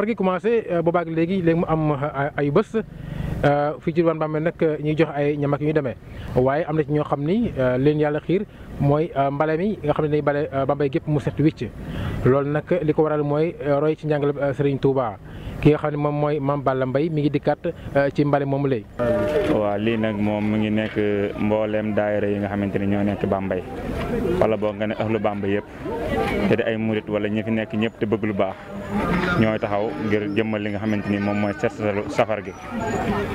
safar gi commencé euh, boobaag léegi léegi mu am euh, ay bés euh, fii ci diwaan Bambey nag ñuy jox ay ñam yu ñu demee waaye am na ci ñoo xam ni leen yàlla xiir mooy mbale mi nga xam ne day bale Bambey gépp mu set wicc loolu nag li ko waral mooy roy ci njàngale Serigne Touba. ki nga xam ne moom mooy Mame Balla Mbaye mi ngi dikkaat euh, ci mbale moomu lay waaw lii nag moom mu ngi nekk mbooleem daayira yi nga xamante ne ñoo nekk Bambey wala boo nga ne ahlu Bambey yëpp te di ay murit wala ñu fi nekk ñëpp te bëgg lu baax ñoo taxaw ngir jëmmal li nga xamante ni moom mooy set safar gi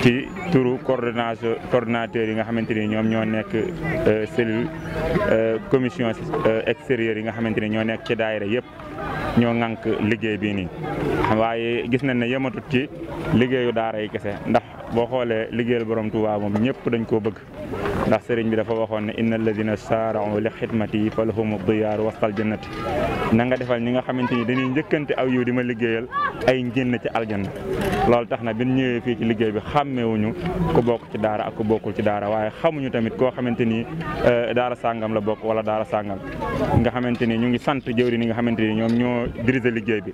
ci turu coordination yi nga xamante ni ñoom ñoo nekk euh, cellule euh, commission extérieure yi nga xamante ni ñoo nekk ci daayira yëpp ñoo ŋànk liggéey bii nii waaye gis nañ ne yematut ci liggéeyu daara yi kese ndax boo xoolee liggéeyal borom Touba moom ñëpp dañ koo bëgg ndax seriñ bi dafa waxoon ne inna alladina saarau li xidmati falahum diyaar wastal jannati na nga defal ñi nga xamante ni dañuy njëkkante aw yiw di ma liggéeyal ay njënn ci aljanna loolu tax na bi ñëwee fii ci liggéey bi xàmmeewuñu ku bokk ci daara ak ku bokkul ci daara waaye xamuñu tamit koo xamante ni eh, daara sàngam la bokk wala daara sàngam nga xamante ni ñu ngi sant jëwri ni nga xamante ni ñoom ñoo diriger liggéey bi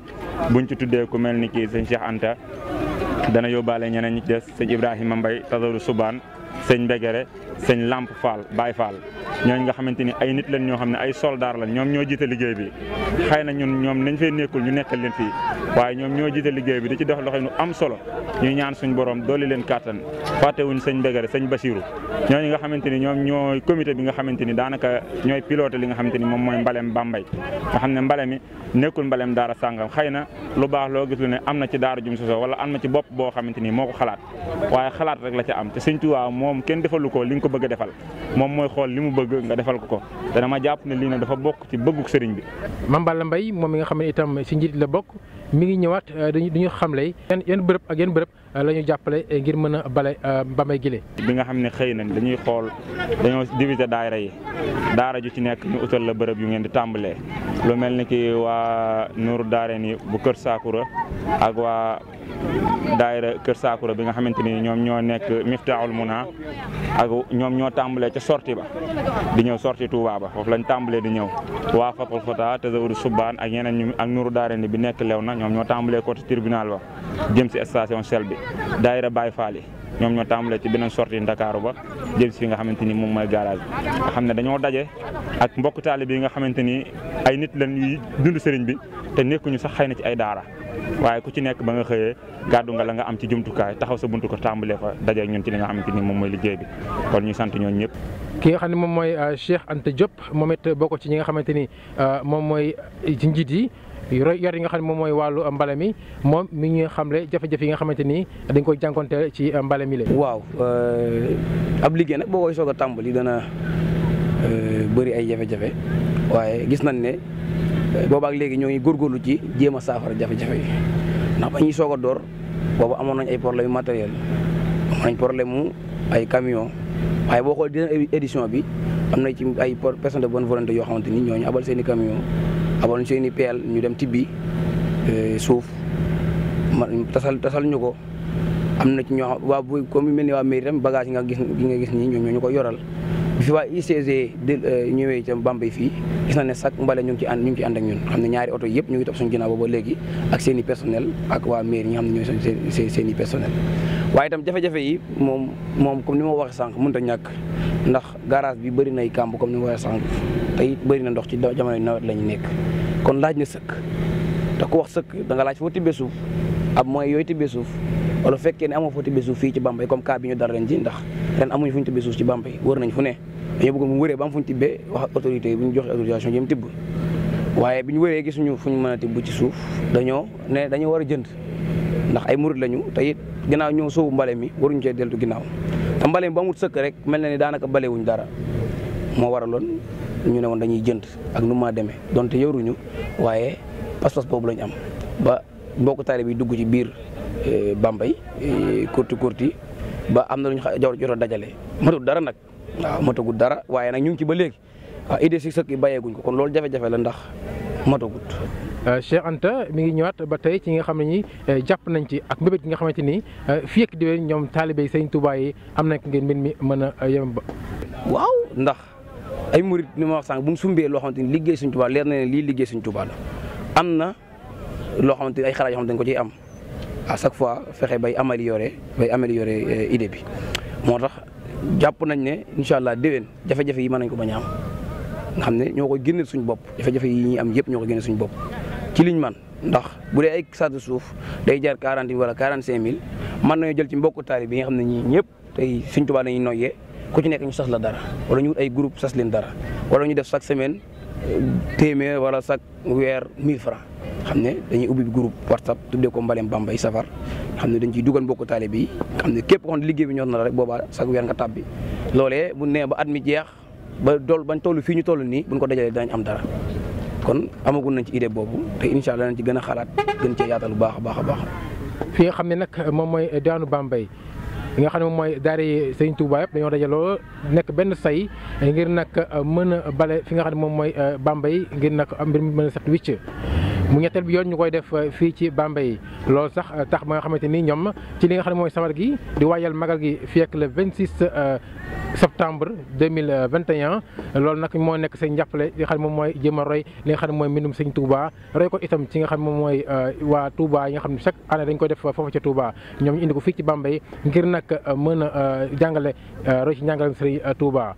buñ ci tuddee ku mel ni kii sëñ Cheikh Anta dana yóbbaale ñeneen ñi ci des sëñ Ibrahima Mbaye tazaru subaan sëñ Mbégéré sëñ Lamp Fall Baye Fall ñooñ nga xamante ay nit lañ ñoo xam ne ay soldaar lañ ñoom ñoo jiite liggéey bi xëy na ñoom nañ fee nekkul ñu nekkal leen fii waaye ñoom ñoo jiite liggéey bi di ci dox doxinu am solo ñu ñaan suñ borom dooli leen kàttan fàttewuñ sëñ Mbégéré sëñ Basiru ñooñu nga xamante ni ñoom ñooy comité bi nga xamante ni daanaka ñooy piloté li nga xamante ni moom mooy mbalem Bambay nga xam ne mbale mi nekkul mbalem daara sàngam xëy na lu baax loo gis am na ci daara jum soso wala am na ci bopp boo xamante ni moo xalaat moom kenn defalu ko li nga ko bëgg a defal moom mooy xool li mu bëgg nga defal ko ko dana ma jàpp ne lii nag dafa bokk ci bëgguk sëriñ bi. Mame Balla Mbaye moom mi nga xam ne itam si njiit la bokk mi ngi ñëwaat euh, dañu dañu xamle yan yan bërëb ak yan bërëb euh, la ñu jàppale ngir mën a bale euh, Bambey gile. bi nga xam ne xëy na dañuy xool dañoo diviser daayira yi daara ju ci nekk ñu utal la bërëb yu ngeen di tàmbalee lu mel ni ki waa Nour Daareen yi bu Kër Sakura ak waa daayira Kër Saakura bi nga xamante ni ñoom ñoo nekk Miftaahul Muna ak ñoom ñoo tàmbalee ca sorti ba di ñëw sorti Touba ba foofu lañ tàmbalee di ñëw waa Fatul Fata Tazawudu Subaan ak yeneen ñu ak Nuru Daareni bi nekk lew na ñoom ñoo tàmbalee côté tribunal ba jëm si station Shell bi daayira Baye Fall ñoom ñoo tàmbalee ci beneen sortie Ndakaaru ba jëm si fi nga xamante ni moom mooy garage xam ne dañoo daje ak mbokk taalibe yi nga xamante ni ay nit lañ yuy dund sëriñ bi te nekkuñu sax xëy na ci ay daara waaye ku ci nekk ba nga xëyee gàddu nga la nga am ci jumtukaay taxaw sa buntu ko tàmbalee fa daje ñoom ci li nga xamante ni moom mooy liggéey bi kon ñu sant ñooñu ñëpp. ki nga xam ne moom mooy euh, Cheikh Anta Diop moom it bokk ci ñi nga xamante ni euh, moom mooy euh, ci njiit yi. yore yi nga xam ne moom mooy wàllu euh, mbale mi moom mi ngi xamle jafe-jafe yi nga xamante ni dañ koy jànkonteel ci euh, mbale mi la. waaw euh, ab liggéey nag boo koy soog a tàmbali dana bëri ay jafe waaye gis nañ ne boobaak léegi ñoo ngi góorgóorlu ci jéem a saafara jafe-jafe yi ndax ba ñu soog a door boobu amoon nañ ay problème yu matériel amoon nañ problème mu ay camion waaye boo xoolee dina édition bi am na ci ay personnes de bonne volonté yoo xamante ni ñooñu abal seen camion abal seen i peel ñu dem tibbi eh, suuf man tasal tasal ñu ko am na ci ñoo xam waa bu comme mel ni waa mairie tam bagage yi nga gis nga gis nii ñoom ñu ko yoral bi fi waa ICG eh, ñëwee itam Bambey fii gis na ne sax mbale ñu ngi ci ànd ñu ngi ci ànd ak ñun xam ne ñaari oto yëpp ñu ngi topp suñu ginnaaw booba léegi ak seen personnel ak waa mairie ñi xam ne ñooy seen personnel waaye itam jafe-jafe yi moom moom comme ni ma waxee sànq mun a ñàkk ndax garage bi bëri nay kàmb comme ni ma sànq te it na ndox ci jamono nawet lañu nekk kon laaj na sëkk te ku wax sëkk da nga laaj foo tibbee suuf ab mooy yooyu tibbee suuf wala fekkee ne amoo foo tibbee suuf fii ci Bambey comme cas bi ñu dara ren ji ndax ren amuñu fu ñu tibbee suuf ci Bambey wër nañ fu ne dañoo bëgg mu wëree ba am fu ñu tibbee wax ak autorité yi bu ñu joxe autorisation jëm tibb waaye bi ñu wëree gisuñu fu ñu mën a tibb ci suuf dañoo ne dañoo war a jënd ndax ay murit lañu te it ginnaaw ñoo soobu mbale mi waruñu cee deltu ginnaaw te mbale mi ba mu sëkk rek mel na ni daanaka balewuñ dara moo war a waraloon ñu ne woon dañuy jënd ak nu maa demee donte yoruñu waaye pas-pas boobu lañu am ba mbokk taalibe bi dugg ci biir eh, bambay eh, kurti kurti ba am na lu ñu jotoon dajale matul dara nag. waaw matagut dara waaye nag ñu ngi ci ba léegi waaw ah, idée si sëkk yi bàyyeeguñ ko kon loolu jafe-jafe la ndax matagut euh, Cheikh Anta mi ngi ñëwaat ba tey ci nga xam ne ni euh, jàpp nañ ci ak mbébét gi nga xamante ni euh, fii ak diwén ñoom taalibe Sëriñ Tuubaa yi am nañ ngeen mbir mi mën a yem ba. waaw ndax ay murit ni ma wax sànq bu sumbee loo xamante ni liggéey Sëriñ Tuubaa leer na lii liggéey Sëriñ Tuubaa la am na loo xamante ni ay xalaat xam dañ ko ci am à chaque fois fexe bay améliorer bay améliorer idée bi moo tax jàpp nañ ne incha allah déwén jafe-jafe yi mën nañ ko bañ a am nga xam ne ñoo ko génneel suñu bopp jafe-jafe yi ñuy am yëpp ñoo ko génneel suñu bopp ci liñ man ndax bu dee ay saatu suuf day jar quarante mille wala quarante cinq mille mën nañoo jël ci mbokku taali bi nga xam ne ñii ñëpp tey suñ tubaab dañuy noyyee ku ci nekk ñu sas la dara wala ñu ay groupe sas leen dara wala ñu def chaque semaine téeméer wala sax weer 1000 francs xam ne dañuy ubbi groupe whatsapp tuddee ko Mbalem Bambay Safar xam ne dañ ciy dugal mbokku taalibe yi xam ne képp kon liggéey bi ñor na la rek booba sax weer nga tàbbi loole bu nee ba at mi jeex ba dool bañ toll fii ñu toll nii buñ ko dajalee daañ am dara kon amagul nañ ci idée boobu te incha allah nañ ci gën a xalaat gën cee yaatal bu baax a baax a baax. fi xam ne nag moom mooy daanu Bambay. li nga xam ne moom mooy daara yi Serigne Touba yëpp dañoo dajaloo nekk benn say ngir nag mën a bale fi nga xam ne moom mooy euh, Bambey ngir nag mbir mu mën a set wicc mu ñetteel bi yoon ñu koy def euh, fii ci Bambey loolu sax euh, tax ba nga xamante ni ñoom ci li nga xam ne mooy safar gi di waajal magal gi fii ak le 26 euh, septembre 2021 loolu nag moo nekk seen njàppale li nga xam ne moom mooy jéem a roy li nga xam ne mooy mbindum sëñ Touba roy ko itam ci nga xam ne moom mooy waa Touba yi nga xam ne chaque année dañ koy def foofu ca Touba ñoom ñu indi ko fii ci Bambey ngir nag mën a jàngale roy ci njàngalem sëriñ Touba